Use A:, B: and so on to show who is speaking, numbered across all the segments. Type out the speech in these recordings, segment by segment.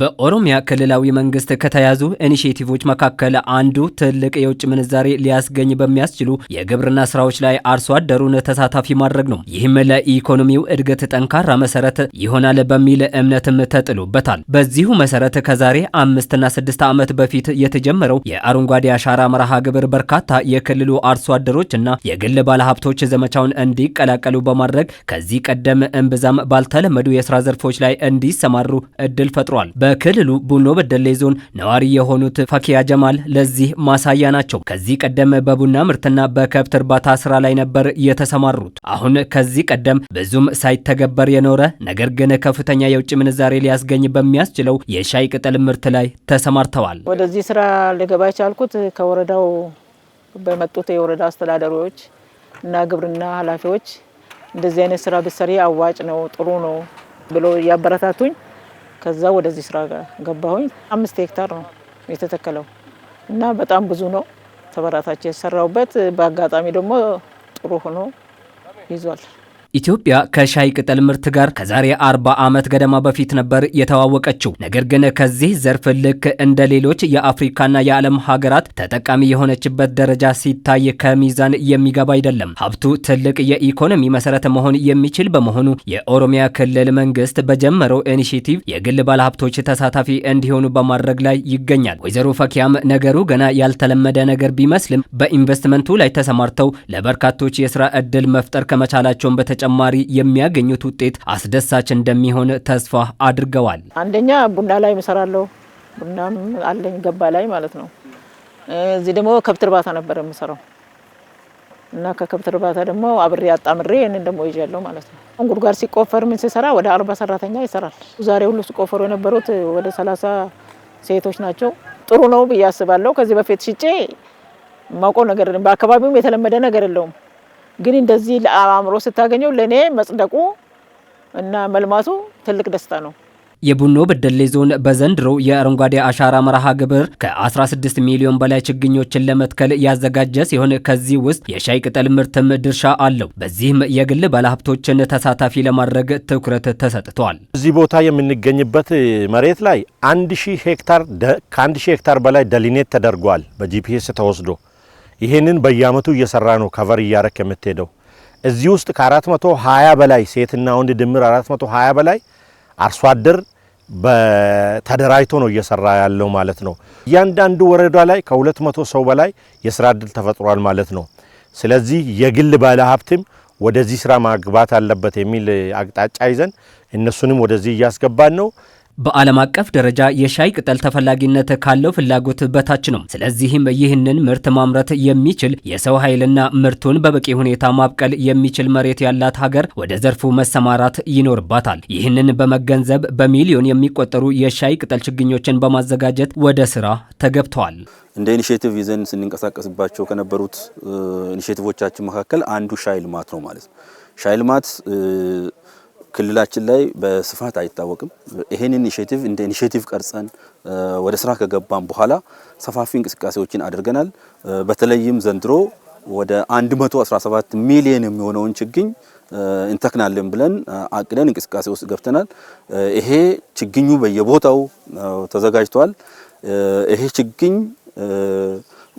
A: በኦሮሚያ ክልላዊ መንግስት ከተያዙ ኢኒሼቲቮች መካከል አንዱ ትልቅ የውጭ ምንዛሬ ሊያስገኝ በሚያስችሉ የግብርና ስራዎች ላይ አርሶ አደሩን ተሳታፊ ማድረግ ነው። ይህም ለኢኮኖሚው እድገት ጠንካራ መሰረት ይሆናል በሚል እምነትም ተጥሎበታል። በዚሁ መሰረት ከዛሬ አምስትና ስድስት ዓመት በፊት የተጀመረው የአረንጓዴ አሻራ መርሃ ግብር በርካታ የክልሉ አርሶ አደሮች እና የግል ባለሀብቶች ዘመቻውን እንዲቀላቀሉ በማድረግ ከዚህ ቀደም እምብዛም ባልተለመዱ የስራ ዘርፎች ላይ እንዲሰማሩ እድል ፈጥሯል። በክልሉ ቡኖ በደሌ ዞን ነዋሪ የሆኑት ፈኪያ ጀማል ለዚህ ማሳያ ናቸው። ከዚህ ቀደም በቡና ምርትና በከብት እርባታ ስራ ላይ ነበር የተሰማሩት። አሁን ከዚህ ቀደም ብዙም ሳይተገበር የኖረ ነገር ግን ከፍተኛ የውጭ ምንዛሬ ሊያስገኝ በሚያስችለው የሻይ ቅጠል ምርት ላይ ተሰማርተዋል።
B: ወደዚህ ስራ ልገባ የቻልኩት ከወረዳው በመጡት የወረዳ አስተዳዳሪዎች እና ግብርና ኃላፊዎች እንደዚህ አይነት ስራ ብሰሪ አዋጭ ነው፣ ጥሩ ነው ብሎ እያበረታቱኝ ከዛ ወደዚህ ስራ ገባሁኝ። አምስት ሄክታር ነው የተተከለው እና በጣም ብዙ ነው ተበራታች የሰራውበት። በአጋጣሚ ደግሞ ጥሩ ሆኖ ይዟል።
A: ኢትዮጵያ ከሻይ ቅጠል ምርት ጋር ከዛሬ 40 ዓመት ገደማ በፊት ነበር የተዋወቀችው። ነገር ግን ከዚህ ዘርፍ ልክ እንደ ሌሎች የአፍሪካና የዓለም ሀገራት ተጠቃሚ የሆነችበት ደረጃ ሲታይ ከሚዛን የሚገባ አይደለም። ሀብቱ ትልቅ የኢኮኖሚ መሰረት መሆን የሚችል በመሆኑ የኦሮሚያ ክልል መንግስት በጀመረው ኢኒሽቲቭ የግል ባለሀብቶች ተሳታፊ እንዲሆኑ በማድረግ ላይ ይገኛል። ወይዘሮ ፈኪያም ነገሩ ገና ያልተለመደ ነገር ቢመስልም በኢንቨስትመንቱ ላይ ተሰማርተው ለበርካቶች የስራ ዕድል መፍጠር ከመቻላቸውን በተጨ በተጨማሪ የሚያገኙት ውጤት አስደሳች እንደሚሆን ተስፋ አድርገዋል።
B: አንደኛ ቡና ላይ ምሰራለሁ፣ ቡናም አለኝ ገባ ላይ ማለት ነው። እዚህ ደግሞ ከብት እርባታ ነበር የምሰራው እና ከከብት እርባታ ደግሞ አብሬ አጣምሬ ይህንን ደግሞ ይዣለሁ ማለት ነው። ጉድጓድ ሲቆፈር ምን ሲሰራ ወደ አርባ ሰራተኛ ይሰራል። ዛሬ ሁሉ ሲቆፈሩ የነበሩት ወደ ሰላሳ ሴቶች ናቸው። ጥሩ ነው ብዬ አስባለሁ። ከዚህ በፊት ሽጬ ማውቀው ነገር በአካባቢውም የተለመደ ነገር የለውም። ግን እንደዚህ ለአእምሮ ስታገኘው ለእኔ መጽደቁ እና መልማቱ ትልቅ ደስታ ነው።
A: የቡኖ በደሌ ዞን በዘንድሮ የአረንጓዴ አሻራ መርሃ ግብር ከ16 ሚሊዮን በላይ ችግኞችን ለመትከል ያዘጋጀ ሲሆን ከዚህ ውስጥ የሻይ ቅጠል ምርትም ድርሻ አለው። በዚህም የግል ባለሀብቶችን ተሳታፊ ለማድረግ ትኩረት ተሰጥቷል።
C: እዚህ ቦታ የምንገኝበት መሬት ላይ ከ1000 ሄክታር በላይ ደሊኔት ተደርጓል በጂፒኤስ ተወስዶ ይሄንን በየአመቱ እየሰራ ነው ከቨር እያረክ የምትሄደው። እዚህ ውስጥ ከ420 በላይ ሴትና ወንድ ድምር 420 በላይ አርሶ አደር ተደራጅቶ ነው እየሰራ ያለው ማለት ነው። እያንዳንዱ ወረዳ ላይ ከ200 ሰው በላይ የስራ እድል ተፈጥሯል ማለት ነው። ስለዚህ የግል ባለሀብትም ወደዚህ ስራ ማግባት አለበት የሚል አቅጣጫ ይዘን እነሱንም ወደዚህ እያስገባን ነው። በዓለም አቀፍ ደረጃ የሻይ ቅጠል ተፈላጊነት ካለው ፍላጎት በታች ነው። ስለዚህም ይህንን ምርት ማምረት የሚችል የሰው ኃይልና ምርቱን በበቂ ሁኔታ ማብቀል የሚችል መሬት ያላት ሀገር ወደ ዘርፉ መሰማራት ይኖርባታል። ይህንን በመገንዘብ በሚሊዮን የሚቆጠሩ የሻይ ቅጠል ችግኞችን በማዘጋጀት ወደ ስራ ተገብተዋል።
D: እንደ ኢኒሽቲቭ ይዘን ስንንቀሳቀስባቸው ከነበሩት ኢኒሽቲቮቻችን መካከል አንዱ ሻይ ልማት ነው ማለት ነው። ሻይ ልማት ክልላችን ላይ በስፋት አይታወቅም። ይሄን ኢኒሼቲቭ እንደ ኢኒሼቲቭ ቀርጸን ወደ ስራ ከገባን በኋላ ሰፋፊ እንቅስቃሴዎችን አድርገናል። በተለይም ዘንድሮ ወደ 117 ሚሊዮን የሚሆነውን ችግኝ እንተክናለን ብለን አቅደን እንቅስቃሴ ውስጥ ገብተናል። ይሄ ችግኙ በየቦታው ተዘጋጅቷል። ይሄ ችግኝ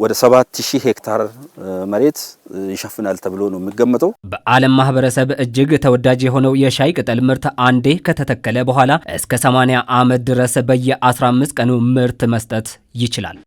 D: ወደ 7000 ሄክታር መሬት ይሸፍናል ተብሎ ነው የሚገመተው።
A: በዓለም ማህበረሰብ እጅግ ተወዳጅ የሆነው የሻይ ቅጠል ምርት አንዴ ከተተከለ በኋላ እስከ 80 ዓመት ድረስ በየ15 ቀኑ ምርት መስጠት ይችላል።